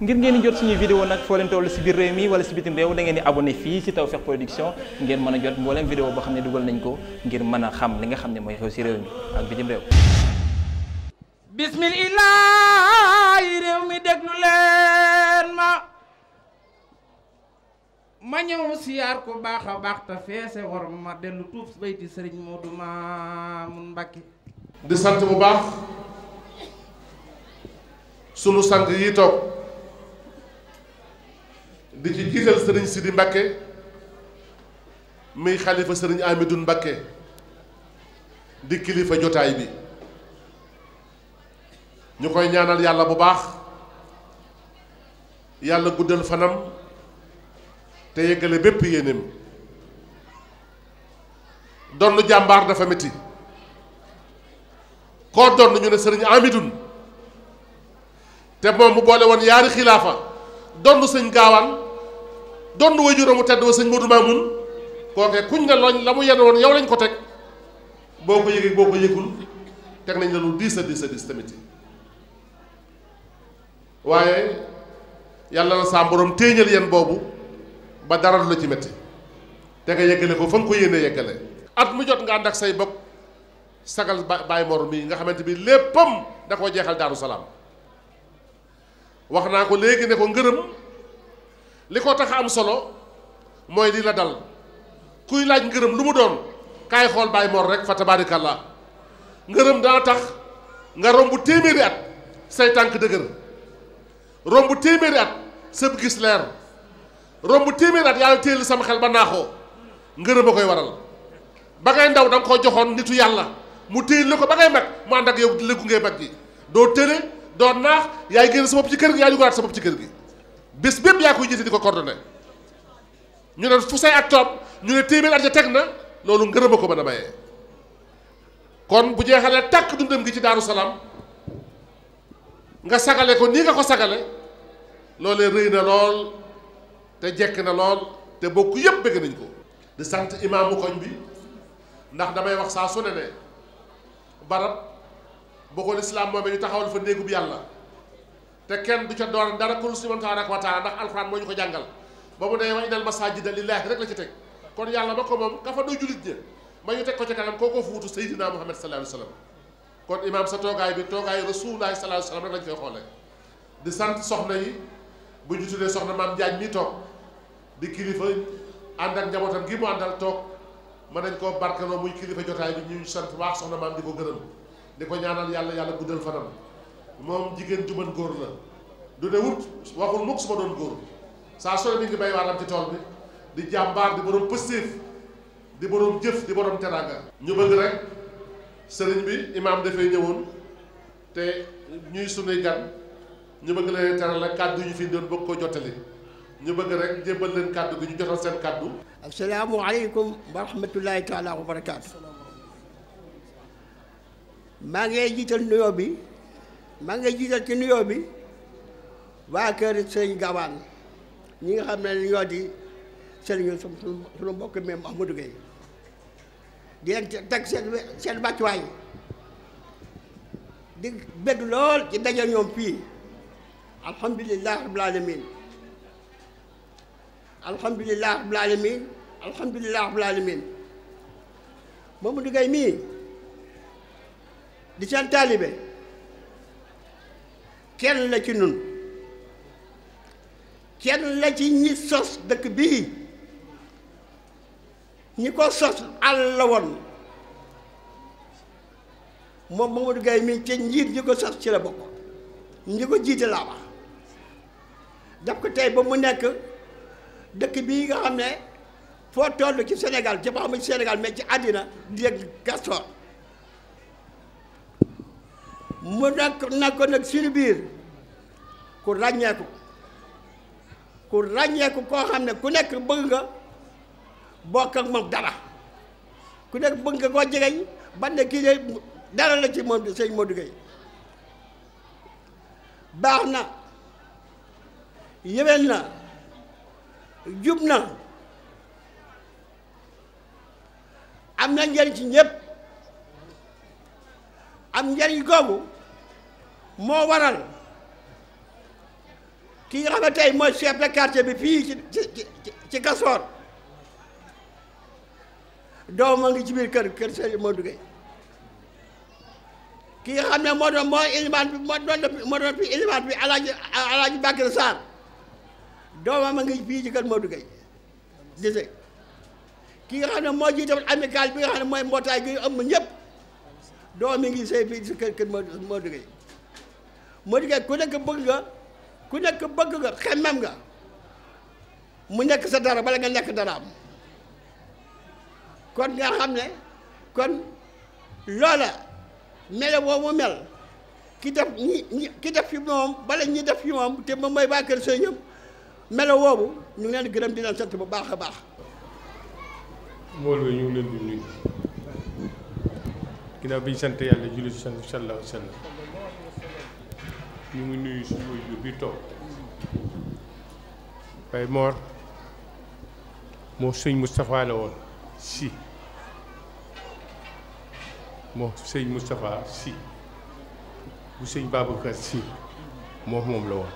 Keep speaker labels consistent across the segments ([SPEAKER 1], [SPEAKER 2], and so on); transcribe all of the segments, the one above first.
[SPEAKER 1] ngir ngeen di jot suñuy vidéo nag foo leen toll si biir réew mi wala si bitim réew da ngeen di abonné fii si Tawfekh Production ngeen mën a jot mbooleem vidéo boo xam ne dugal nañ ko ngir mën a xam li nga xam ne mooy xew si réew mi ak bitim réew bismillah réew mi déglu leen ma ma ñëw siyaar ko baax baax te feese war ma dellu tuub bayti sëriñ Modou Mamoun
[SPEAKER 2] Mbacké di sant bu baax sunu sang yi toog di ci jiital sëriñ Sidi Mbakke muy xalifa sëriñ Amidou Mbakke di kilifa jotaay bi ñu koy ñaanal yàlla bu baax yàlla guddal fanam te yëggale bépp yéenéem donn jàmbaar dafa métti koo donn ñu ne sëriñ Amidou te moom mu boole woon yaari xilaafa donn sëñ gaawaan donn way juróomu tedd wa sëñ Modou Mamoun kooke kuñ ne lañ la mu yenn woon yow lañ ko teg boo ko yëgee boo ko yëgul teg nañ la lu diis a diis a diis tamit waaye yàlla na saa borom téeñal yéen boobu ba dara du la ci métti te nga yeggale ko fa nga ko yéene yeggale at mu jot nga ànd ak say bopp sagal Baay Mor yi nga xamante bi léppam da koo jeexal Daaru Salaam wax naa ko léegi ne ko ngërëm li ko tax am solo mooy lii la dal kuy laaj ngërëm lu mu doon kaay xool Baay Mor rek fa tabaarikàllaa ngërëm dana tax nga romb téeméeri at say tànk dëgër romb téeméeri at sëb gis leer romb téeméeri at yàlla téelu sama xel ba naaxoo ngërëm a koy waral ba ngay ndaw da koo joxoon nitu yàlla mu téel la ko ba ngay mag mu ànd ak yow léegu ngay mag gi doo tële doo naax yaay génn sa bopp ci kër gi yaa dugalaat sa bopp ci kër gi bés bépp yaa koy jiite di ko coordonné ñu ne fu say ak toog ñu ne téeméer at teg na loolu ngërëm a ko mën a mayee kon bu jeexalee tàkk dundam gi ci Daaru Salaam nga sagale ko nii nga ko sagale loolee rëy na lool te jekk na lool te bokk yëpp bëgg nañ ko di sant imaamu koñ bi ndax damay wax saa su ne ne barab boo ko lislaam moomee ñu la fa néegub yàlla te kenn du ca doon dara kul si man tabaraka wa taala ndax alxuraan moo ñu ko jàngal ba mu ne wa innal masajida lillaahi rek la ci teg kon yàlla ba ko moom ka fa doy julit ña ma ñu teg ko ca kanam koo ko fuutu sayyidina muhammad sallallahu alayhi wa sallam kon imaam sa toogaay bi toogaay rasulullaahi sallallahu alayhi wa sallam rek lañ koy xoolee di sant soxna yi bu ñu tuddee soxna maam Jaañ mi toog di kilifa ànd ak njabootam gi mu àndal toog mën nañ koo barkeloo muy kilifa jotaay bi ñu sant waax soxna maam di ko gërëm di ko ñaanal yàlla yàlla guddal fanam moom jigéen ju mën góor la du ne wut waxul mukk su doon góor saa sooy bi ngi bay waaram ci tool bi di jàmbaar di borom pëstéef di boroom jëf di borom teraanga ñu bëgg rek sëriñ bi imaam dafay ñëwoon te ñuy sunuy gan ñu bëgg leen teral ak kàddu yu fi doon bëgg ko jottali ñu bëgg rek jébbal leen kàddu gi ñu jotal seen kàddu asalaamualeykum wa rahmatullahi taala wa barakaatu
[SPEAKER 3] maa ngi jiital nuyoo bi maa ngi jiital ci nuyoo bi waa kër sëñ Gawane ñi nga xam ne ñoo di sëriñu suñu mbokk mi Mouhamadou Gueye di leen teg seen seen bàccuwaay di bëgg lool ci daje ñoom fii alhamdulilah rabbil alamin alhamdulilah rabbil alamin alhamdulilah rabbil alamin Mouhamadou Gueye mii di seen taalibe kenn la ci nun kenn la ci ñi sos dëkk bii ñi ko sos àll la woon moom Mamadou Gaye mi ci njiit ñi ko sos ci la bokk ñi ko jiite laa wax daf ko tey ba mu nekk dëkk bii nga xam ne foo toll ci senegal ci ba xam ci senegal mais ci àddina di yëg Castor mu nekk na ko nag suñu biir ku ràññeeku ku ràññeeku koo xam ne ku nekk bëgg nga bokk ak moom dara ku nekk bëgg nga koo jegeñ ban ne kii de dara la ci moom sëñ Modou Gueye baax na yéwén na jub na am na njariñ ci ñëpp am njariñ googu moo waral kii xam ne tey mooy chef de quartier bi fii ci ci ci Kasoor doom ma ngi ci biir kër kër Serigne Modou Gueye ki xam ne moo doon mooy ilimaan bi moo doon moo doon fi ilimaan a ngi fii ci xam ne moo jiite amical bi nga xam ne mooy mbootaay gi ëmb ñëpp doom mi ngi sëy fii ci kër kër Modou Gueye Modou Gueye ku nekk bëgg nga ku nekk bëgg nga xemmem nga mu nekk sa dara bala nga nekk daraam kon nga xam ne kon loola mele woo mu mel ki def ñi ki def fi moom bala ñi def fi moom te moom mooy waa kër sëñ ñëpp melo woowu ñu ngi leen gërëm di leen sant bu baax a baax
[SPEAKER 4] mbooloo ñu ngi leen di nuyu ginnaaw bi ñu sant yàlla julli si sant wa sallam ñu ngi nuyu suñu wajur bi toog bay Mor moo sëñ Moustapha la woon si moo sëñ Moustapha si bu sëñ Babacar si moom moom la woon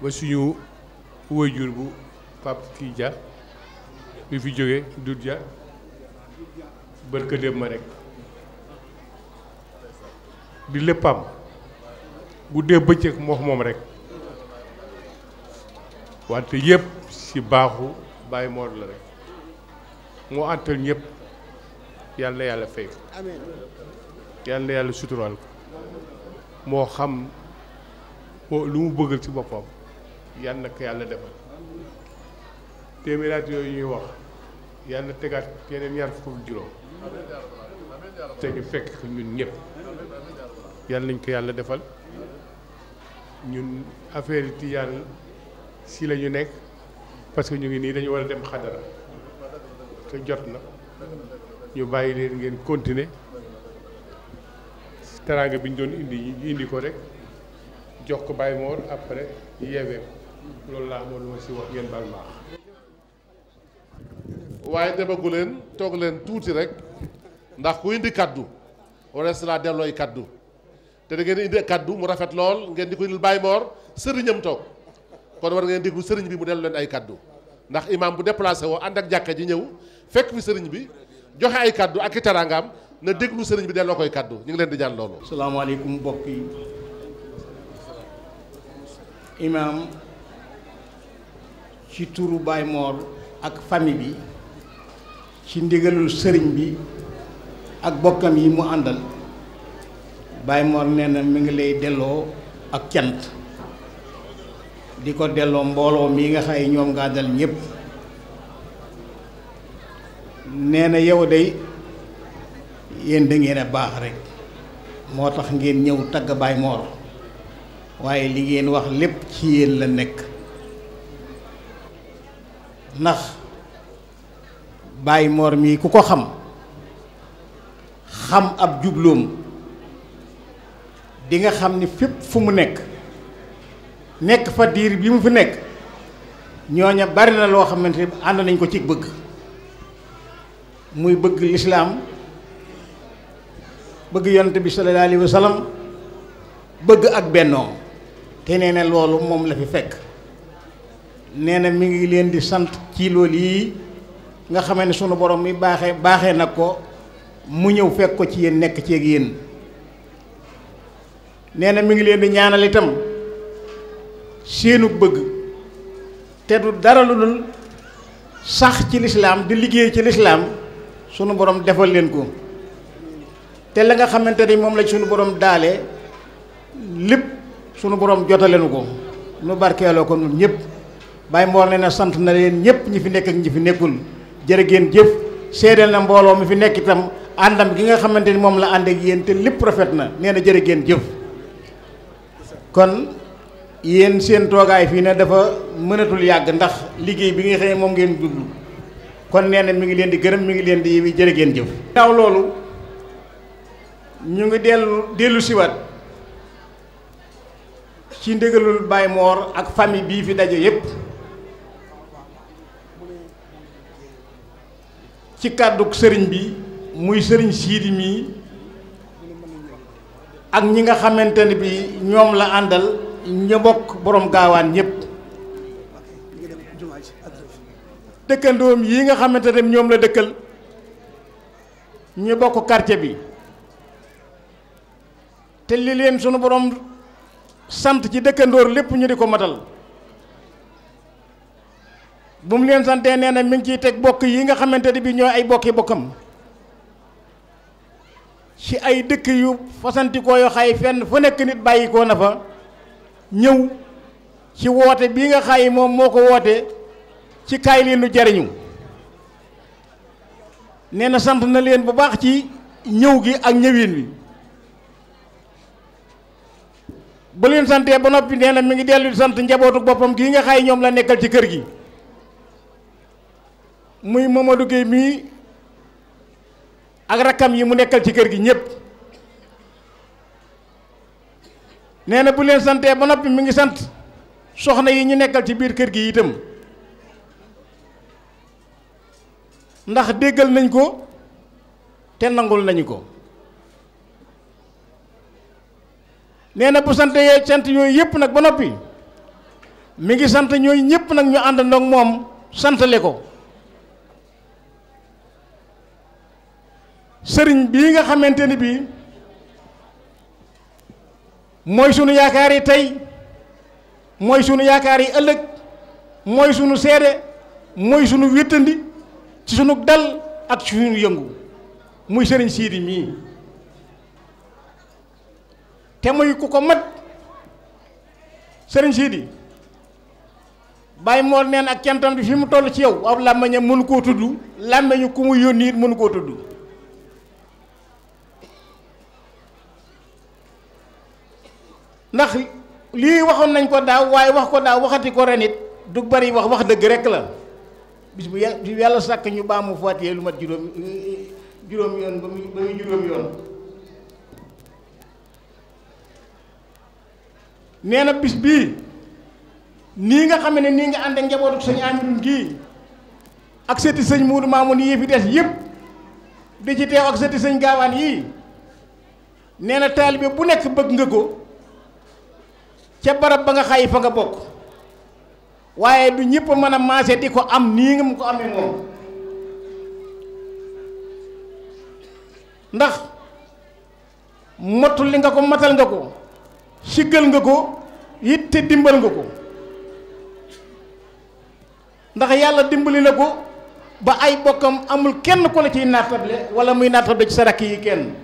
[SPEAKER 4] ba suñu wajur bu Pape kii Dia bi fi jóge Doudou Dia bërka dem ma rek di léppam bu dee bëccëg moo moom rek wante yëpp ci baaxu bàyyi moor la rek moo àttal ñëpp yàlla yàlla fay ko yàlla suturaal ko moo xam moo lu mu bëggal ci boppam yal na yàlla defal téeméeraat yooyu ñuy wax yal na tegaat yeneen ñaar fukk juróom te ñu fekk ñun ñëpp yàlla nañ ko yàlla defal ñun affaire yi tijaan si la ñu nekk parce que ñu ngi nii dañu war a dem xadara te jot na ñu bàyyi leen ngeen continuer teraanga bi ñu doon indi ñu indi ko rek jox ko Baye Mor après yeewee loolu laa amoon lu ma si wax ngeen baal waaye
[SPEAKER 2] demagu toog leen tuuti rek ndax ku indi kàddu warees laa dellooy kàddu te da ngeen di indi mu rafet lool ngeen di ko indil Baye Mor sëriñam toog kon war ngeen déglu sëriñ bi mu dellu leen ay kàddu ndax imam bu déplacé woo ànd ak jàkka ji ñëw fekk fi sëriñ bi joxe ay kàddu ak i na déglu sëriñ bi delloo koy kaddu ñu ngi leen di ñaan loolu. salaamaaleykum mbokk yi imam
[SPEAKER 5] ci turu Baye ak famille bi ci ndigalul sëriñ bi ak bokkam yi mu àndal. Baye Mor nee na mi ngi lay delloo ak cant di ko delloo mbooloo mii nga xay ñoom ngaa dal ñépp nee na yow day yéen da ngeen a baax rekk moo tax ngeen ñëw tagg Baye Mor waaye li ngeen wax lépp ci yéen la nekk ndax Baye mii ku ko xam xam ab jubloom di nga xam ni fépp fu mu nekk nekk fa diir bi mu fi nekk ñooña bari na loo xamante ni ànd nañ ko ci bëgg muy bëgg lislaam bëgg yonent bi sallallahu alayhi bëgg ak bennoo te nee na loolu moom la fi fekk nee na mi ngi leen di sant ci loolu yi nga xamee ne sunu borom mi baaxee baaxe nag ko mu ñëw fekk ko ci yéen nekk ci ak yéen nee na mi ngi leen di ñaanal itam seenu bëgg te du dara lu dul sax ci lislaam di liggéey ci lislaam sunu borom defal leen ko te la nga xamante ni moom la sunu borom daale lépp sunu borom jotalenu ko nu barkeeloo ko ñun ñëpp Baye Mor ne na sant na leen ñëpp ñi fi nekk ak ñi fi nekkul jërë ngeen jëf seedeel na mbooloo mi fi nekk itam àndam gi nga xamante ni moom la ànd ak yéen te lépp rafet na nee na jërë ngeen jëf. kon yéen seen toogaay fii ne dafa mënatul yàgg ndax liggéey bi nga xam moom ngeen jublu kon nee na mi ngi leen di gërëm mi ngi leen di yi jërë geen jëf ginnaaw loolu ñu ngi dellu dellu siwaat ci ndigalul Baye Mor ak famille bii fi daje yépp ci kàdduk sëriñ bi muy sëriñ siidi mii ak ñi nga xamante ne bi ñoom la àndal ñu bokk borom gaawaan ñépp dëkkandoom yi nga xamante ne ñoom la dëkkal ñu bokk quartier bi te li leen sunu borom sant ci dëkkandoor lépp ñu di ko matal bu mu leen santee nee na mi ngi ciy teg bokk yi nga xamante ne bi ñoo ay bokki bokkam ci ay dëkk yu fasantikoo yoo xay fenn fu nekk nit bàyyikoo na fa ñëw ci woote bii nga xay moom moo ko woote ci kaay leen jariñu nee na sant na leen bu baax ci ñëw gi ak ñëwin wi ba leen santee ba noppi nee na mi ngi dellu di sant njabootu boppam gii nga xay ñoom la nekkal ci kër gi muy Mamadou Gueye mii ak rakkam yi mu nekkal ci kër gi ñëpp nee na bu leen santee ba noppi mu ngi sant soxna yi ñu nekkal ci biir kër gi itam ndax déggal nañ ko te nangul nañu ko nee na bu sant sant yooyu yëpp nag ba noppi mi ngi sant ñooyu ñëpp nag ñu ànd ndoog moom santale ko sëriñ bii nga xamante ni bii mooy sunu yaakaar yi tey mooy sunu yaakaar yi ëllëg mooy sunu seede mooy sunu wéttandi ci sunu dal ak sunu yëngu muy sëriñ siidi mii te muy ku ko mat sëriñ siidi bàyyi moo neen ak cantam bi fi mu toll ci yow ab làmmiñam mënu koo tudd làmmiñu ku mu yónni it mënu koo tudd ndax lii waxoon nañ ko daaw waaye wax ko daaw waxati ko renit it du bari wax wax dëgg rek la bis bu yàlla sàkk ñu mu baamu Faatiha lu mat juróom juróom yoon ba muy ba muy juróom yoon nee na bis bii nii nga xam ne nii nga ànd njabootu sëñ Amidun gii ak sëti sëñ Muudu Maamun yii fi des yëpp di ci teew ak sëti sëñ gaawaan yii nee na taalibe bu nekk bëgg nga ko ca barab ba nga xay fa nga bokk waaye du ñëpp mën a maase di ko am nii nga mu ko amee moom ndax motul li nga ko matal nga ko siggal nga ko it te dimbal nga ko ndax yàlla dimbali la ko ba ay bokkam amul kenn ku la ciy naatable wala muy naatable ci sa rakk yi kenn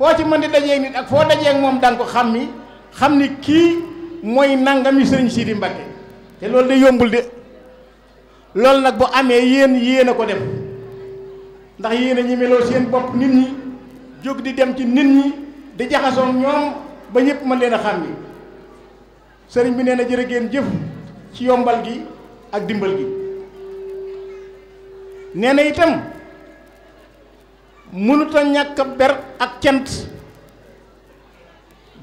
[SPEAKER 5] foo ci mën di dajee nit ak foo dajee moom daan ko xam ni xam ni kii mooy nangami sëriñ Sidi Mbacké te loolu de yombul de loolu nag bu amee yéen yéen a ko dem ndax yéen a ñi meloo seen bopp nit ñi jóg di dem ci nit ñi di jaxasoo ñoom ba ñépp ma leen xàmmi xam sëriñ bi nee na jërë ngeen jëf ci yombal gi ak dimbal gi nee na itam. mënuta ñàkk ber ak cant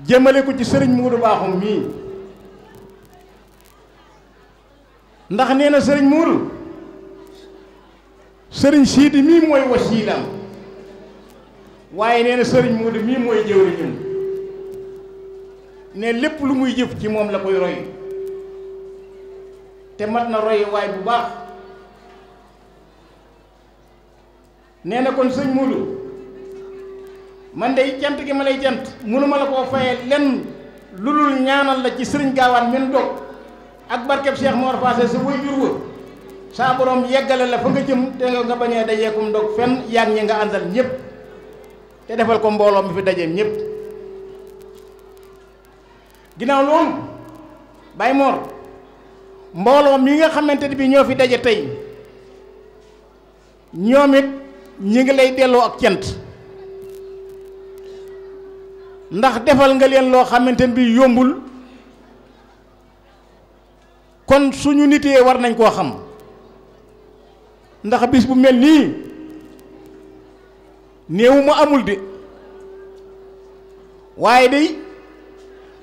[SPEAKER 5] jëmale ko ci sëriñ Muudu Baaxum mii ndax nee na sëriñ Muudu sëriñ Siidi mii mooy wasiilaam waaye nee na sëriñ Muudu mii mooy jëwriñam ne lépp lu muy jëf ci moom la koy roy te mat na roy waay bu baax nee na kon sëñ Moodu man day cant gi ma lay cant mënuma la koo fayee lenn lu dul ñaanal la ci sëriñ gaawaan men doog ak barkeb Cheikh Mor Fassé sa way jur wa saa yeggale la fa nga jëm te nga bañee dajeekum ndog fenn yaag ñi nga àndal ñëpp te defal ko mbooloom bi fi dajeem ñëpp ginnaaw loolu Baye Mor mbooloom mi nga xamante ni bi ñoo fi daje tey ñoom ñi ngi lay delloo ak cent ndax defal nga leen loo xamante ne bi yombul kon suñu nit yee war nañ koo xam ndax bis bu mel nii néewu ma amul de waaye day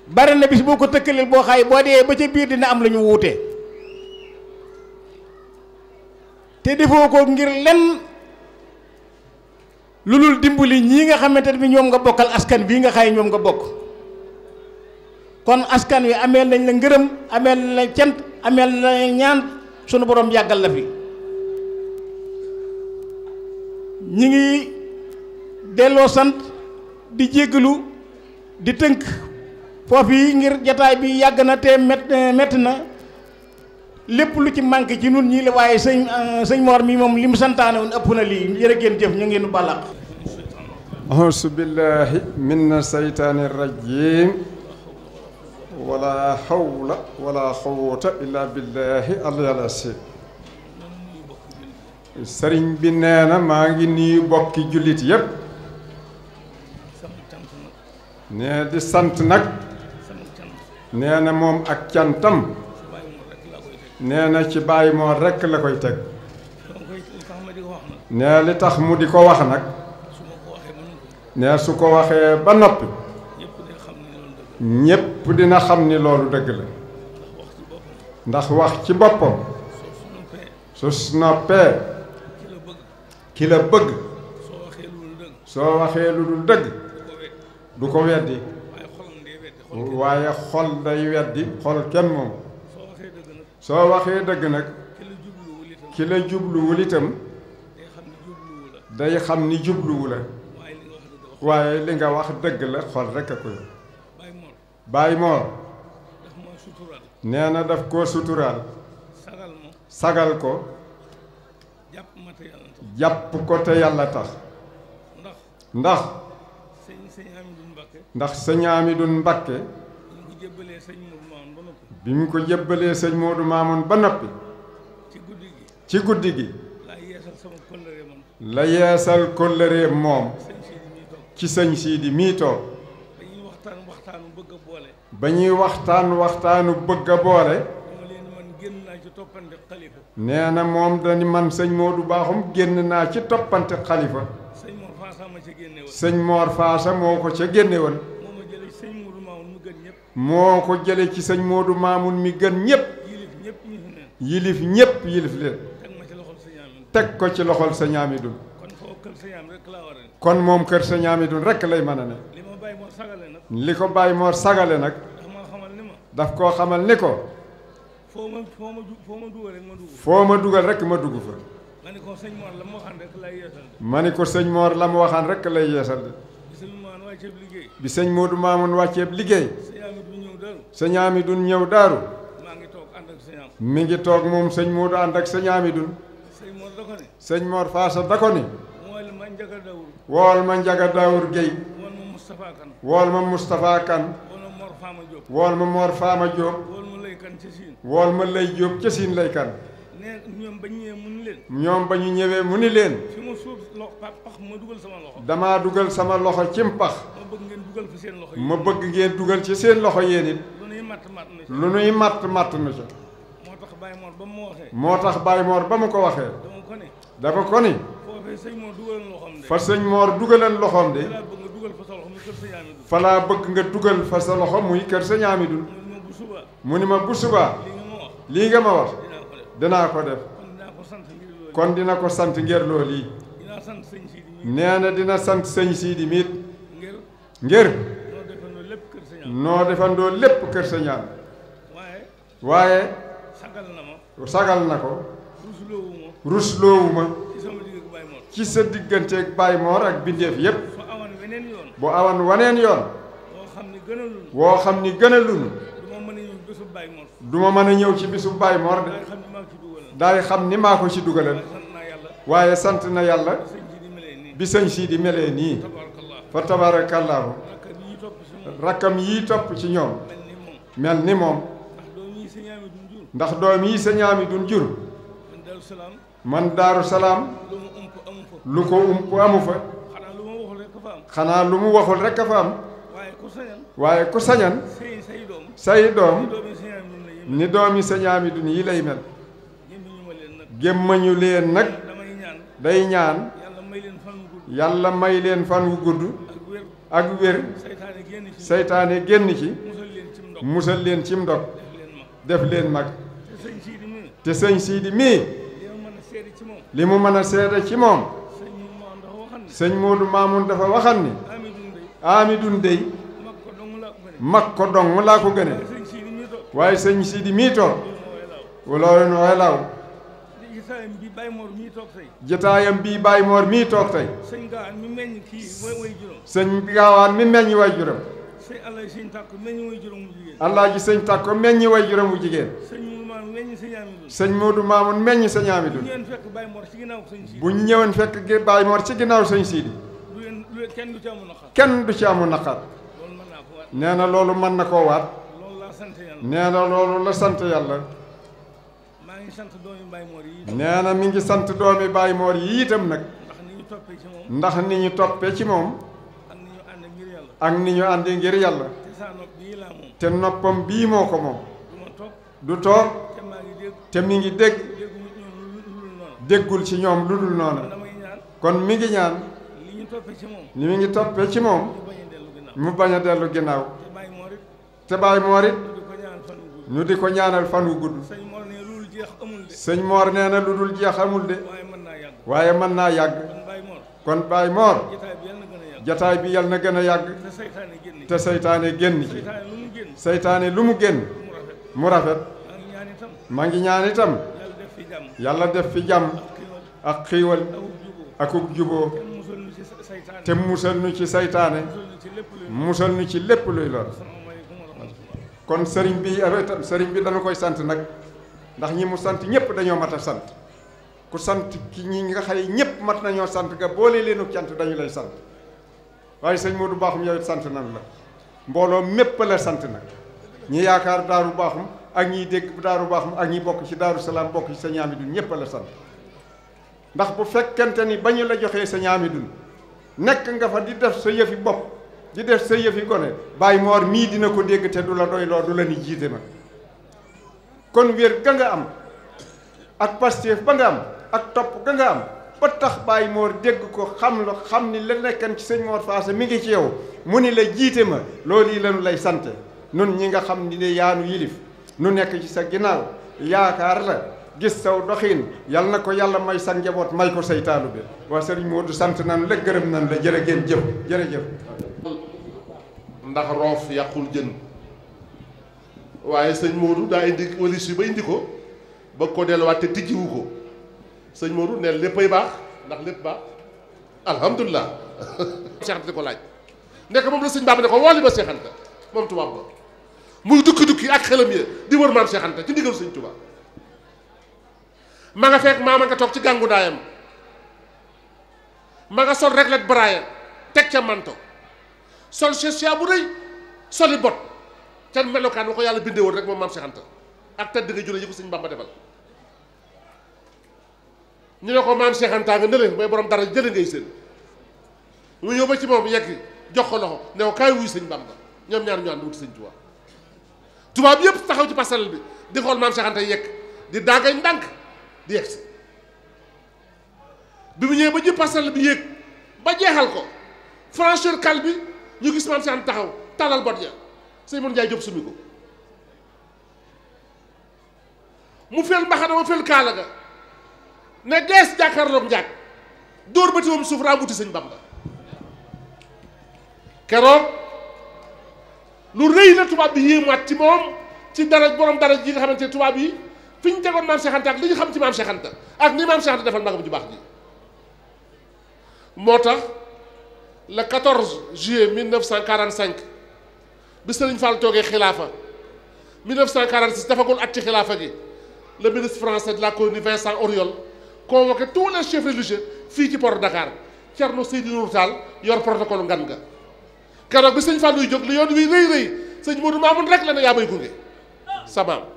[SPEAKER 5] bare na bis boo ko tëkkaleel boo xaay boo dee ba ca biir dina am lañu ñu wuute te defoo ko ngir lenn lu dul dimbali ñii nga xamante ne bi ñoom nga bokkal askan bii nga xay ñoom nga bokk kon askan wi ameel nañ la ngërëm ameel nañ la cant ameel nañ ñaan sunu boroom yàggal la fi ñi ngi delloo sant di jéggalu di tënk foofu yi ngir jataay bi yàgg na te mett mett na lépp lu ci manqué ci nun ñii la waaye sëñ euh, sëñ Mor mi moom li mu santaane woon ëpp na lii jërë ngeen jëf ñu ngeen balaq
[SPEAKER 6] auzu billahi mina seytaani rajim wala hawla wala xawta illa billahi alal asiim bi nee maa ngi nuyu bokki jullit yépp nee di sant nag nee moom ak cantam nee na ci bàyyi moon rekk la koy teg nee li tax mu di ko wax nag nee su ko waxee ba noppi ñépp dina xam ni loolu dëgg la ndax wax ci boppam su noppee ki la bëgg soo waxee lu dul dëgg du ko weddi waaye xol day weddi xol kenn moom soo waxee dëgg nag ki jubluwul itam day xam ni jubluwula la waaye li nga wax dëgg la xol rekk a koy bàyyi moor nee na daf koo suturaal sagal ko jàpp ko te yàlla tax ndax ndax sëñ Amidun Mbakke. bi mu ko jébbalee sëñ Moodu Maamun ba noppi ci guddi gi ci guddi
[SPEAKER 7] la yeesal sama kóllëre moom
[SPEAKER 6] la yeesal kóllëre moom ci sëñ Siidi mii toog ba ñuy waxtaan waxtaanu bëgg boole ba ñuy waxtaan waxtaanu bëgg a boole nee na moom dañu man sëñ du Baaxum génn naa ci toppante xalifa sëñ Moor Faasa moo ko ca génne moo ko jële ci sëñ moodu Mamoun mi gën ñëpp yilif ñëpp yilif leen teg ko ci loxol sëñ Amidou kon moom kër sëñ Amidou rekk lay mën a ne li ko Baye Mor sagale nag daf koo xamal ni ko foo ma foo ma dugal rek ma dugg fa
[SPEAKER 7] ma ni ko sëñ Mor la mu waxaan rek lay yeesal
[SPEAKER 6] ma ni ko sëñ Mor la mu rek lay yeesal bi sëñ Modou Mamoun wàcceeb liggéey sëñ Amidun ñëw daaru mi ngi toog moom sëñ Moodu ànd ak sëñ Amidun sëñ Mor Faasa dako ni wool ma Njaga Daawur Géy wool ma Moustapha Kan wool ma Mor Faama Jóob wool ma Lay Jóob ca Siin kan
[SPEAKER 7] nee ñoom ba ñu ñëwee mu ni leen.
[SPEAKER 6] ñoom ba ñu ñëwee mu ni leen.
[SPEAKER 7] fi ma suuf pax ma dugal sama loxo.
[SPEAKER 6] damaa dugal sama loxo ci mpax.
[SPEAKER 7] ma bëgg ngeen dugal fi seen loxo
[SPEAKER 6] ma bëgg ngeen dugal ci seen loxo yéen it.
[SPEAKER 7] lu nuy matt matt
[SPEAKER 6] na ca. lu nuy matt matt moo tax
[SPEAKER 7] Baye Mor ba mu moo
[SPEAKER 6] tax Baye Mor ba mu ko waxee. dama ko ni. dafa ko ni.
[SPEAKER 7] foofee sëñ Mor dugalan loxoom de.
[SPEAKER 6] fa sëñ Mor dugalan loxoom de. fa laa bëgg nga dugal fa sa loxo muy kër sa ñaamidul. mu ni ma bu subaa. lii nga ma wax. danaa ko def kon dina ko sant ngir lool yi nee na dina sant sëñ Siidi miit ngir noo defandoo lépp kër sa ñaan waaye sagal na ko rusloowu ma ci sa digganteeg Baay Moor ak bindeef yépp bu awan waneen yoon woo xam ni gën a lunu du ma mën a ñëw ci bisu Baye Mor de xam ni maa ko ci dugalal waaye sant na yàlla bi sëñ sii di melee nii fa tabaarakallaahu rakkam yii topp ci ñoom mel ni moom ndax doom yi sëñ Amidou dun jur man daaru salaam lu ko ump amu fa xanaa lu mu waxul rekk a fa am waaye ku sañan say doom ni doomi sëñ Amidun yi lay mel gémmañu leen nag day ñaan yàlla may leen fan wu gudd ak wér seytaane génn ci musal leen cim ndog def leen mag te sëñ Siidi mii li mu mën a seede ci moom sëñ Moodu Maamun dafa waxan ni Amidun dey mag ko dong laa ko gëne waaye sëñ Sidi mii toog wala no helaw
[SPEAKER 7] jotaayam bii Baye Mor mii toog tey
[SPEAKER 6] jotaayam bii Baye Mor mii toog tey
[SPEAKER 7] sëñ Gaawaan mi meññ kii mooy way juróom
[SPEAKER 6] sëñ Gaawaan mi meññ way juróom sëñ Alaaji sëñ Tàkko meññ way juróom bu jigéen
[SPEAKER 7] sëñ Tàkko meññ way juróom
[SPEAKER 6] bu jigéen sëñ Moodu Maamun meññ sëñ Amidun bu ñu ñëwoon fekk Baye Mor ci ginnaaw sëñ Sidi
[SPEAKER 7] bu ñu ñëwoon fekk Baye Mor ci ginnaaw sëñ Sidi kenn du ci amu
[SPEAKER 6] naqar kenn du ci amu naqar nee na loolu mën na koo waat nee na loolu la sant yàlla.
[SPEAKER 7] maa ngi sant doomi Baye Mor yi.
[SPEAKER 6] nee na mi ngi sant doomi Baye Mor yi itam nag. ndax ni ñu toppee ci moom. ak ni ñu àndee ngir yàlla. te noppam bii moo ko moom. du toog te mi ngi dégg. déggul ci ñoom lu dul noona kon mi ngi ñaan. ni mi ngi toppee ci moom. mu bañ a dellu ginnaaw. te Baye Mor ñu di ko ñaanal fan wu gudd. sëñ Mor nee na lu dul jeex amul de. sëñ Mor nee na lu jeex amul de. waaye mën naa yàgg. waaye mën naa yàgg. kon baay Mor. jataay bi yal na gën a yàgg. te seytaane génn ci. seytaane lu mu génn. mu rafet. maa ngi ñaan itam. yàlla def fi jàmm. ak xiiwal. ak ub juboo. te musal nu ci seytaane. musal nu ci lépp luy lor. kon sëriñ bi eh, sëriñ bi dana koy sant nag ndax ñi mu sant ñëpp dañoo mat a sant ku sant ki ñi nga xay ñëpp mat nañoo sant nga boole leenu cant dañu lay sant waaye sëñ du Bakhoum yow sant nan la mbooloo mépp la sant nag ñi yaakaar Daaru Bakhoum ak ñiy dégg Daaru Bakhoum ak ñi bokk ci Daaru Salaam bokk ci sa ñaami dun ñëpp la sant ndax bu fekkente ni ba ñu la joxee sa ñaami dun nekk nga fa di def sa yëfi bopp di def sa yëf yi gone bàyyi moor mii dina ko dégg te du la doy loo du la ni jiite ma kon wér ganga am ak pasteef ba nga am ak topp ga nga am ba tax bàyyi moor dégg ko xam la xam ni la nekkan ci sëñ Mor Faasa mi ngi ci yow mu ni la jiite ma loolu yi lañu lay sant nun ñi nga xam ni ne yaanu yilif nu nekk ci sa ginnaaw yaakaar la gis saw doxiin yal na ko yàlla may sa njaboot may ko say taalu bi waa sëriñ Modou sant nan la gërëm nan la jërë ngeen jëf jërëjëf ndax roof yàqul jën
[SPEAKER 2] waaye sëñ Modou daa indi walis yi ba indi ko ba ko delluwaat te tijjiwu ko sëñ Modou neen léppay baax ndax lépp baax alhamdulilah Cheikh Anta ko laaj nekk moom la sëñ Baba ne ko wooli ba Cheikh Anta moom tubaab la muy dukki dukki ak xelam yi di wër maam Cheikh ci ndigal sëñ tubaab ma nga fekk maama nga toog ci gàngu daayam ma nga sol reglet braaya teg ca manto sol chessia bu rëy soli bot ca melokaan wa ko yàlla bindee rek moom maam Cheikh Anta ak tedd nga jure yi ko sëñ Bamba defal ñu ne ko maam Cheikh Anta nga nële mooy borom dara jële ngay seen mu ñëw ba ci moom yegg jox ko loxo ne ko kaay wuy sëñ Bamba ñoom ñaar ñu wuti sañ Tuubaa tubaab yëpp taxaw ci pasal bi di xool maam Cheikh Anta yegg di daagañ ndànk di yegg si bi mu ñëwee ba ji parcelle bi yéeg ba jeexal ko franchir kal bi ñu gis maam saan taxaw tàllal bot ya sëñ mën jaay jóg sumi ko mu fel mbaxana ma fel kaala ga ne dees jàkkaarloog njaag dóor ba tiwam suuf raa wuti sëñ Bamba keroog lu rëy la tubaab bi yéemaat ci moom ci dara borom dara ji nga xamante tubaab yi fiñ ñu tegoon maam Cheikh ak li ñu xam ci maam Cheikh Anta ak ni maam Cheikh defal magam ju baax ji moo tax la 14 juillet 1945 bi Serigne Fall toogee xilaafa 1946 dafagul at ci xilaafa gi la ministre français de la colonie Vincent Auriol convoqué tous les chefs fii ci port Dakar Thierno Seydi Nourou Tall yor protocole ngan nga keroog bi sëñ Fall luy jóg li yoon wi rëy rëy sëñ Modou Mamoun rek la ne yaa may gunge sa maam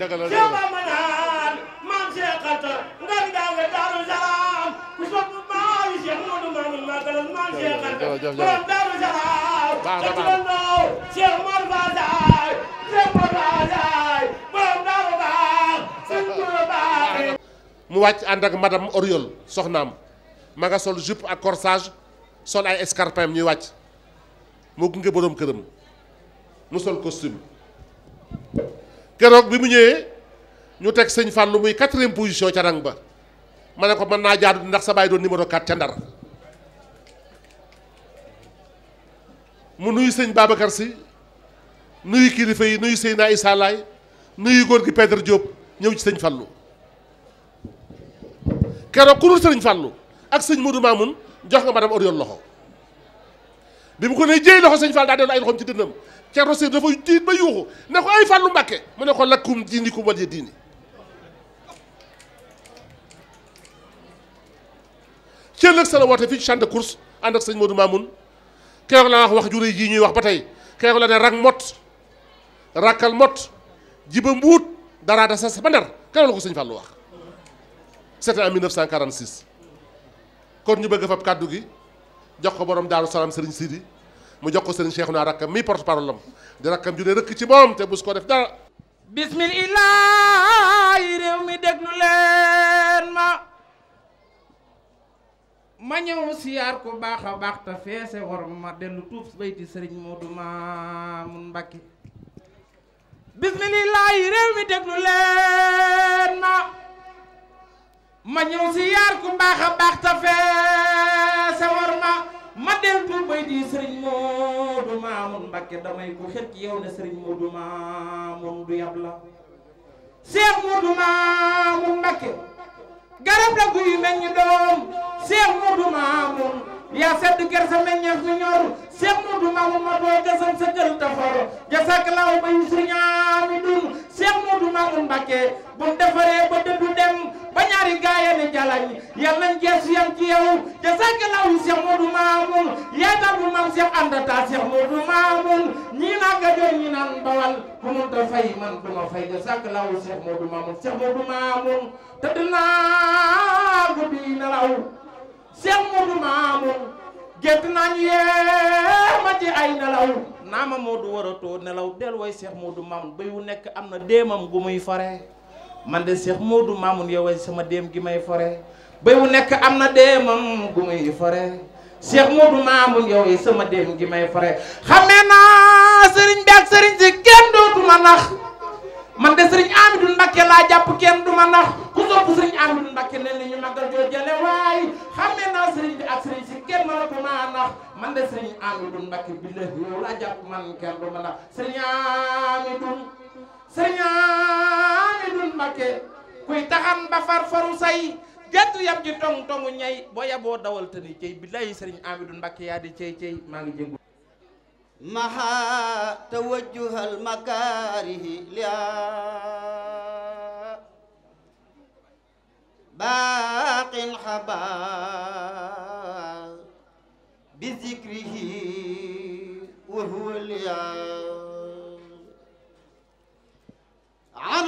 [SPEAKER 2] dëgg la dëgg la manaan
[SPEAKER 1] maam Cheikh Anta
[SPEAKER 2] mu wàcc ànd ak madame Oriol soxnaam ma nga sol jupe ak corsage sol ay escarpin ñuy wàcc mu gunge borom këram mu sol costume keroog bi mu ñëwee ñu teg sëñ Fallou muy quatrième position ca rang ba ma ne ko mën naa jaadu ndax sa baay doon numéro 4 ca ndar mu nuyu sëñ Babacar si nuyu kilifa yi nuyu Seyna Issa Laye nuyu góor gi Pedre jóob ñëw ci sëñ Fallou keroog ku dul sëñ Fallou ak sëñ Modou Mamoun jox nga madame Oriol loxo. bi mu ko nee jéy loxo sëñ Fall daa doon ay loxoom ci dënnam Thierno Sène dafa tiit ba yuuxu ne ko ay Fallu Mbàkke mu ne ko lakkum diini ku wàññi diini. Thiel nag sa la woote fii ci champ de course ànd ak sëñ Modou Mamoun keroog la wax wax jure yi ñuy wax ba tey keroog la de rak mot rakkal mot jiba mbuut daraa da ba ndar keroog la ko sëñ Fallu wax c'était en 1946 kon ñu bëgg fab kàddu gi. jox ko boroom daaru salaam sëriñ Sidi mu jox ko sëriñ Cheikh naa rakkam mi porte parole di rakkam ju rëkk ci moom te bus ko def dara
[SPEAKER 1] bismillah réew mi déglu leen ma ma ñëw siyaar ko baax a baax te feese war ma dellu tuub bayti sëriñ Moodu Maamun Mbàkke bismillah réew mi déglu leen ma ma ñëw si yaar ku mbaax a baax ta fee ma ma deltu bay di sëriñ Moodu Maamun Mbakke damay ko xet ci yow ne sëriñ Moodu Maamun du yab la Seex Moodu Maamun Mbakke garab la guy meññ doom Seex Moodu Maamun yaa sedd ker sa meññeef mi ñor Seex Moodu Maamun ma doo gasam sa kër tafaro jasak law bayu sëriñ Amidu Seex Moodu Maamun Mbakke bu defaree ba dëddu yaari gaayani jalañ yal nañ geesu yam ci yow te sàkk lawu Cheikh Modou Mamoun yeetal bu mag Cheikh Anta Tall Cheikh Modou Mamoun ñii naa gajoor ñi naan bawal ku munta fay man duma fay te sàkk lawu Cheikh Modou Mamoun Cheikh Modou Mamoun tëdd naa guddi nelaw Cheikh Modou Mamoun yee ma ci ay nelaw naa ma Modou waratoo nelaw del way Cheikh Modou Mamoun béyu nekk am na déemam gu muy fare man de Cheikh Modou Mamoun yow sama déem gi may fore béy wu nekk am na déemam gu muy fore Cheikh Modou Mamoun yow sama déem gi may fore xamee naa sëriñ bi ak sëriñ si kenn dootuma nax man de sëriñ Amidou Mbakke laa jàpp kenn duma nax ku sopp sëriñ Amidou Mbakke ne li ñu magal joo jële waay maa man de sëriñ Amidou Mbakke bi la yow laa jàpp man kenn duma nax sëriñ Amidou sëriñ Mbàkke kuy taxan ba far faru say ji tong tongu ñay boo yaboo dawal cey billahi sëriñ Amidou Mbàkke yaa di cey
[SPEAKER 3] cey maa ngi jéngu maha tawajjuhal makaarihi liyaa baaqin xabaar bi zikrihi wa huwa liyaa an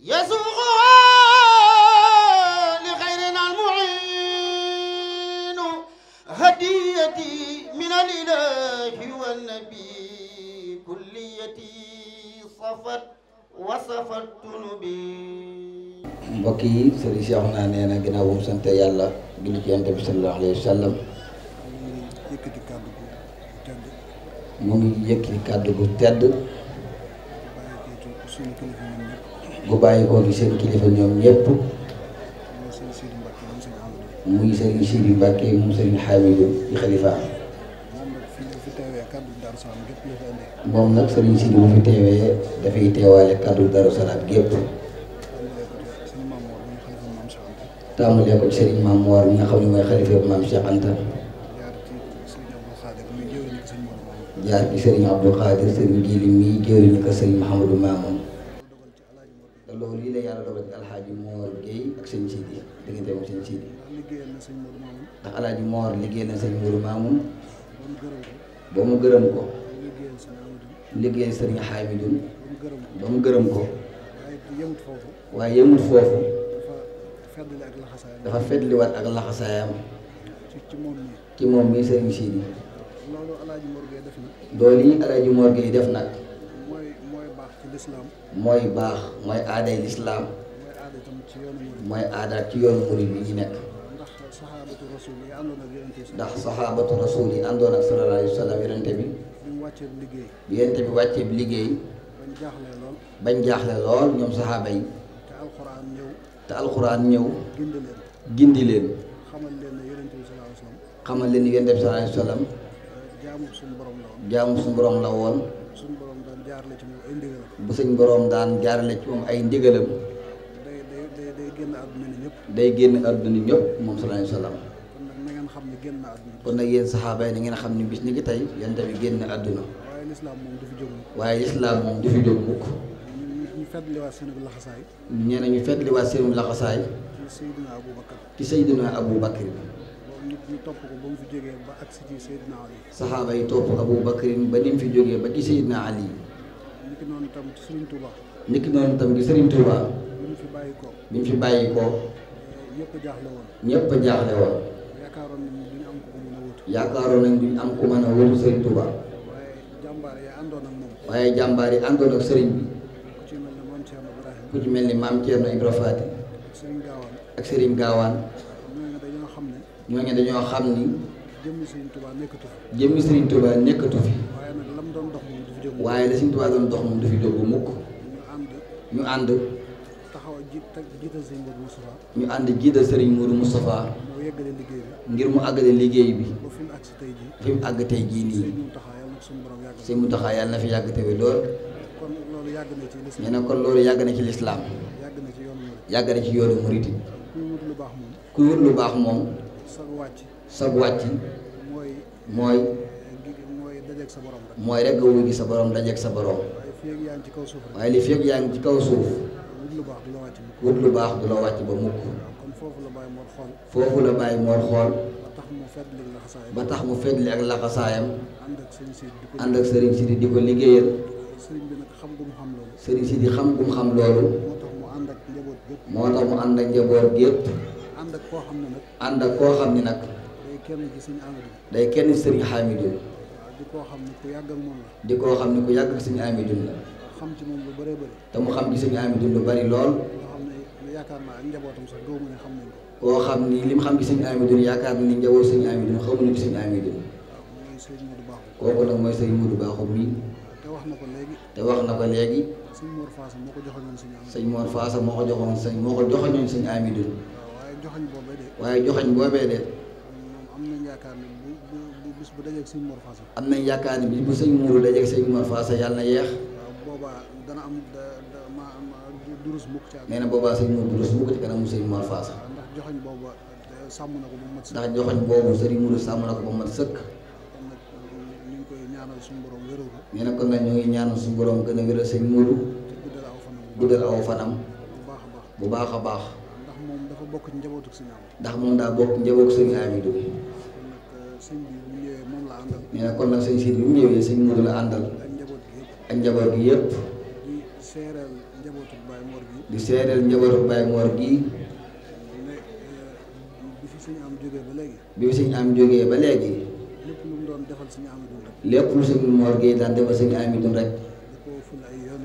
[SPEAKER 3] يسوقها لخيرنا المعين هديتي من الإله والنبي كليتي
[SPEAKER 2] صفت وصفت نبي
[SPEAKER 8] mbokki sëriñ Cheikhouna nee na ginnaaw bu mu sant yàlla julli ci Yonent bi sallallahu alayhi wa sallam mu ngi yëkkati kàddu gu tedd mu ngi yëkkati kàddu gu tedd gu bàyyi koo gi seen kilifa ñoom ñëpp muy Serigne Sidi Mbacke mu Serigne Hamidou di xalifa moom nag Serigne Sidi bu fi teewee dafay teewaale kàddu Darou Salam gépp tàmbalee ko ci Serigne Mame Mor mi nga xam ne mooy xalifa bu Mame Cheikh jaar ci Serigne Abdou Khadir Serigne Djili mii jëriñu ko Serigne loolu yi la yàlla dogal ci alxaaji Moor Géey ak sëñ Sidi diggante moom sëñ Sidi ndax alxaaji sëñ Mouru Maamun ba mu gërëm ko liggéey sëriñ Xaamidun ba mu gërëm ko waaye yemut foofu dafa fetliwaat ak laxasaayam ci moom mii sëriñ Sidi loolu yi alxaaji Moor Géey def nag mooy mooy baax ci lislaam mooy baax mooy aaday lislaam mooy aada ci yoon murid yi ñu nekk
[SPEAKER 9] ndax saxaabatu
[SPEAKER 8] rasul yi àndoon ak sallallahu alayhi wa sallam yonente bi yonente bi wàccee bi liggéey bañ jaaxle lool ñoom saxaaba yi te alxuraan ñëw gindi leen
[SPEAKER 9] xamal leen ni yonente
[SPEAKER 8] bi sallallahu alayhi wa sallam jaamu suñu borom la woon jaarale ci moom ay ndigalam. bu suñ boroom daan jaarale ci moom ay ndigalam. day day day génn àdduna ni ñëpp. day génn àdduna ni ñëpp moom sallallahu alayhi wa sallam. kon nag génn àdduna. kon nag yéen saxaaba yi na xam ne bis ni ki tey yéen tamit génn àdduna.
[SPEAKER 9] waaye lislaam moom du fi jóg mukk. waaye lislaam moom du fi jóg mukk. ñu fetliwaat seen laxasaay. nee na ñu fetliwaat seen laxasaay. ci Seydina Aboubacar. ci Seydina Aboubacar. ba mu fi jógee ba agsi ci
[SPEAKER 8] ba ni mu fi jógee ba ci Seydina Ali.
[SPEAKER 9] niki noonu tam ci Serigne Touba.
[SPEAKER 8] niki noonu tam ci Serigne Touba.
[SPEAKER 9] bi mu fi bàyyi ko.
[SPEAKER 8] fi bàyyi ko. ñëpp jaaxle woon. ñëpp jaaxle woon. yaakaaroon nañ duñ am ku mën nañ am ku mën a wut Serigne Touba. jàmbaar yi àndoon ak moom. waaye jàmbaar yi àndoon ak Serigne bi. ku ci mel ni maam Thierno Ibrahima. ku ci mel ni maam Thierno Ibrahima Fati. ak Serigne ak Serigne Gaawaan. ñooñu dañoo xam ne. ñooñu dañoo xam ni. jëmmi Serigne Touba nekkatu fi. jëmmi Serigne Touba nekkatu fi. waaye la Sëriñ Tuubaa doon dox moom dafi jóg bu mukk ñu ànd ñu ànd jiital Serigne Modou Moustapha ngir mu àggale liggéey bi fi mu àgg tey jii nii sëñ mu taxaa yàlla na fi yàgg te wi lool ñu ne kon loolu yàgg na ci lislaam yàgg na ci yoonu murit kuy wut lu baax moom sag wàcc mooy mooy rek nga wuy gi sa boroom borom dajeeg sa borom waaye li fekk yaa ngi ci kaw suuf
[SPEAKER 9] wut lu baax du la wàcc ba mukk foofu la bàyyi moor xool
[SPEAKER 8] ba tax mu fetli ak laxasaayam ànd ak sëriñ si di ko liggéeyal sëriñ si di xam gum xam loolu moo tax mu ànd ak njaboot gépp ànd ak koo xam ni nag day kenn sëriñ Hamidou di
[SPEAKER 9] koo xam ne ku yàgg ak moom la.
[SPEAKER 8] xam ne ku yàgg ak sëñ Amidun la.
[SPEAKER 9] xam ci moom lu bëree bëri. te mu xam ci sëñ Amidun lu bëri lool.
[SPEAKER 8] koo xam ni li mu xam ci sëñ Amidun yaakaar na ni njaboot sëñ Amidun xamuñu ci sëñ Amidun. waaw mooy sëñ Modou Baaxum. kooku nag mooy sëñ Modou Baaxum mii.
[SPEAKER 9] te wax na ko léegi. te wax na ko léegi. sëñ Mor Faasa moo ko joxoñoon sëñ Amidun.
[SPEAKER 8] sëñ Mor Faasa moo ko joxoon sëñ moo ko joxoñoon sëñ Amidun. waaye joxoñ boobee de. waaye joxoñ boobee de. moom
[SPEAKER 9] bis bu dajeeg sëñ Mor Faasa.
[SPEAKER 8] am nañ yaakaar ni bis bu sëñ Mourou dajeeg sëñ Mor yàlla na yeex. boobaa dana am ma durus mukk ci nee na boobaa sëñ Mourou durus mukk ci kanam sëñ Mor Faasa. ndax joxoñ boobu na ko ba mu mat sëkk. ndax joxoñ boobu sëñ Mourou ko ba mu mat sëkk. ñu ngi koy ñaanal suñu borom wéral ko. na kon nag ñu ngi ñaanal suñu borom gën a wéral sëñ Mourou. guddal aw fanam bu baax a baax. ndax moom daa bokk njabootu sëñ Amidou. nee na kon nag sëñ Sidi bi mu ñëwee sëñ Modou la àndal ak njaboot gi yëpp di seereel njabootu Baye Mor gi bi fi sëñ am jógee ba léegi lépp lu sëñ Mor gi daan defal sëñ Amidou rek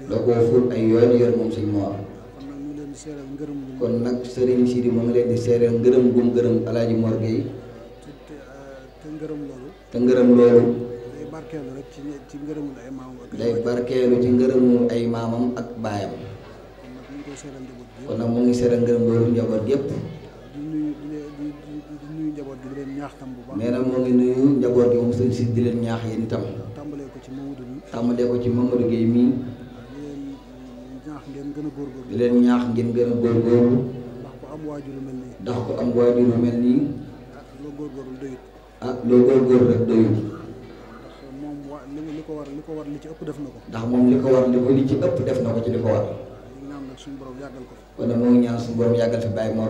[SPEAKER 8] da koo ful ay yoon yoon moom sëñ Mor kon nag sëriñ Sidi moom leen di seereel ngërëm gum ngërëm Alaaji Mor Gueye te ngërëm loolu day barkeelu rek ci ngërëmul ay maamam day barkeelu ci ngërëmul ay maamam ak baayam kon nag mu ngi seeral ngërëm loolu njaboot yépp nee na mu ngi nuyu njaboot gi moom sëñ si di leen ñaax yéen itam tàmbalee ko ci Mamadou Gueye mii di leen ñaax ngeen gën a góorgóorlu ndax ku am waajur mel nii ndax ku am waajur mel nii ah loo góorgóorlu rek doyul. ndax moom li ko war li ko war li ci ëpp def na ko. ndax moom li ko war li ko li ci ëpp def na ko ci li ko war. ñaan nag suñu borom yàggal ko. moo ngi ñaan suñu borom yàggal fi baax. waaye na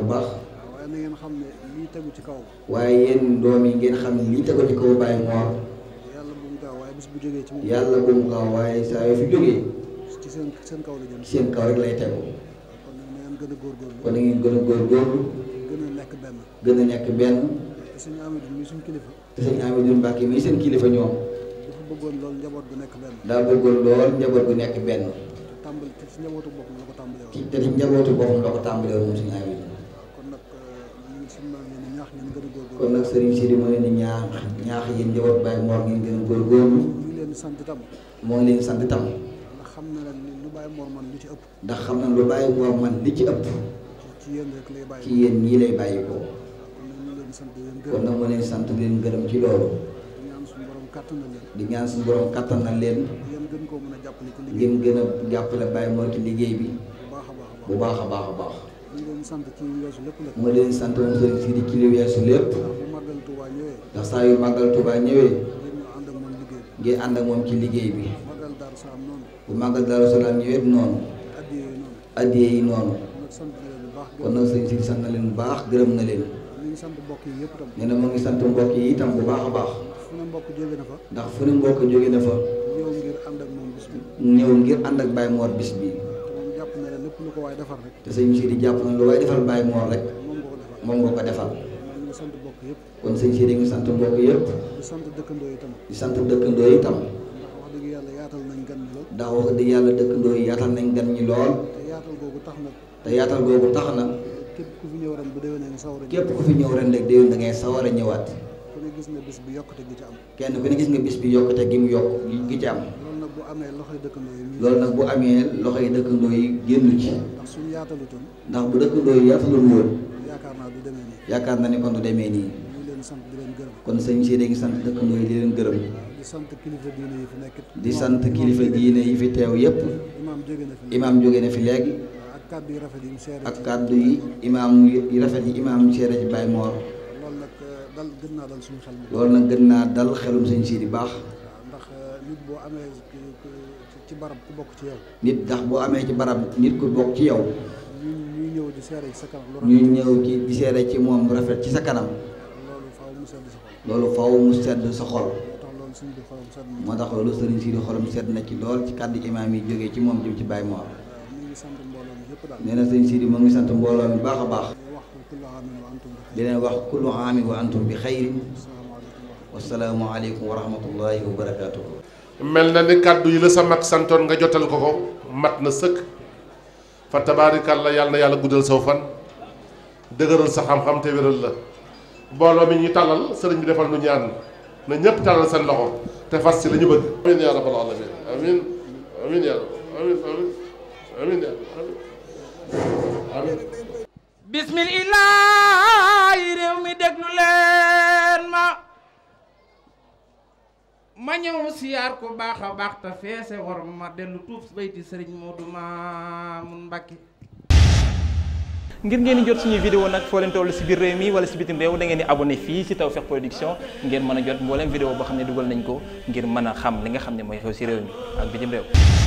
[SPEAKER 8] ngeen xam ne lii tegu ci kaw. waaye yéen doom yi ngeen xam ne li tegu ci kaw Baye Mor. yàlla bu mu gaaw waaye bis bu jógee ci moom. yàlla mu gaaw waaye saa ci seen seen kaw la jëm. seen kaw rek lay tegu. kon nag na ngeen gën a góor kon na gën a góorgóorlu. gën a nekk benn. gën a nekk benn. te sëñ Amidou mii suñ kilifa. te sëñ Amidou Mbacke mii seen kilifa ñoom. dafa bëggoon lool njaboot gu nekk benn. daa bëggoon lool njaboot bu nekk benn.
[SPEAKER 9] tàmbali te ci njabootu boppam la ko
[SPEAKER 8] tàmbalee woon. te ci njabootu boppam la ko moom sëñ Amidou. kon nag ñun euh, suñu maam yi ñaax ngeen gën a góorgóorlu. kon nag sëriñ Sidi moo leen di ñaax ñaax yéen njaboot Baye Mor ngeen gën moo ngi leen tam. ndax xam na lu Baye Mor man li ci ëpp. ndax xam na lu Baye Mor man li ci ëpp. ci yéen rek lay bàyyi ñii lay bàyyi ko kon nag ma leen sant di leen gërëm ci loolu di ñaan suñu borom kattan na leen ngeen gën a jàppale Baye Mor ci liggéey bi bu baax a baax a baax ma leen sant moom sëriñ si di ci li weesu lépp ndax saa yu màggal Tuubaa ñëwee ngeen ànd ak moom ci liggéey bi bu màggal Daaru Salaam ñëwee noonu addiyee yi noonu kon nag sëriñ si sant na leen bu baax gërëm na leen ngi sant mbokk yi yëpp tam. nee na mu ngi sant mbokk yi itam bu baax a baax. fu ne mbokk jóge na fa. ndax fu ne mbokk jóge na fa.
[SPEAKER 9] ñëw ngir ànd ak moom bis bi.
[SPEAKER 8] ñëw ngir ànd ak Baye Mor bis bi. te moom jàpp na ne lépp lu ko waay defal jàpp na lu waay defal Baye Mor rek. moom nga ko defal. moom nga sant mbokk ngi sant mbokk yëpp. di sant dëkkandoo yi tam. di sant dëkkandoo yi tam. ndax wax dëgg yàlla yaatal nañ gan ñi lool. te yaatal googu tax na.
[SPEAKER 9] képp ku fi ñëw ren bu déwénee nga sawar a képp
[SPEAKER 8] ku fi ñëw ren rek déwén a ñëwaat ku ne gis nga bis bi yokkute gi ci am kenn ku ne gis nga bis bi yokkute gi mu yokk gi ci am loolu nag bu amee loxoy dëkkandoo yi loolu nag bu amee loxoy dëkkandoo yi génn ci ndax suñu yaatalutoon ndax bu dëkkandoo yi yaatalul woon yaakaar naa du demee nii yaakaar naa ne kon du demee nii kon sëñ si da ngi sant dëkkandoo yi leen gërëm di sant kilifa diine yi fi nekk di sant kilifa diine yi fi teew yépp imaam jóge na fi léegi kàddu yi rafet yi seere ak kàddu yi imaam yi rafet yi imaam seere ci Baye Mor. loolu nag euh,
[SPEAKER 9] dal gën naa dal suñu
[SPEAKER 8] xel. loolu nag gën naa dal xelum sëñ Sidi baax. ndax
[SPEAKER 9] euh, nit boo amee ci barab ku bokk ci yow.
[SPEAKER 8] nit ndax boo amee ci barab nit ku bokk ci yow.
[SPEAKER 9] ñuy ñëw di seere ci sa kanam. ñuy
[SPEAKER 8] ñëw ci di seere ci moom rafet ci sa kanam.
[SPEAKER 9] loolu faaw mu sedd sa xol. loolu
[SPEAKER 8] faaw mu sedd sa xol. moo tax loolu sëriñ si di xolam sedd na ci lool ci kàddu imaam yi jógee ci moom jëm ci Baye Mor. nee na sëñ Sidi mu ngi sant mbooloo mi baax a baax di leen wax kullu aami wa antum bi xayrin wasalaamu aleykum wa rahmatullahi wa barakaatu.
[SPEAKER 2] mel na ni kàddu yi la sa mag santoon nga jotal ko ko mat na sëkk fa tabaarikàlla yàlla na yàlla guddal saw fan dëgëral sa xam-xam te wéral la mbooloo mi ñu tàllal sëriñ bi defal nu ñaan na ñëpp tàllal seen loxo te fas ci la ñu bëgg. amiin yaa rabbal alamin amiin amiin yaa rabbal amiin amiin amiin amiin
[SPEAKER 1] bismillah yi réew mi déglu leen ma ma ñëw siyaar ko baax a baax te feese war ma dellu tuub bayti sëriñ Modou Mamoun Mbacké ngir ngeen di jot suñuy vidéo nag foo leen toll si biir réew mi wala si bitim réew da ngeen di abonné fii si Tawfekh Production ngeen mën a jot mbooleem vidéo boo xam ne dugal nañ ko ngir mën a xam li nga xam ne mooy xew si réew mi ak bitim réew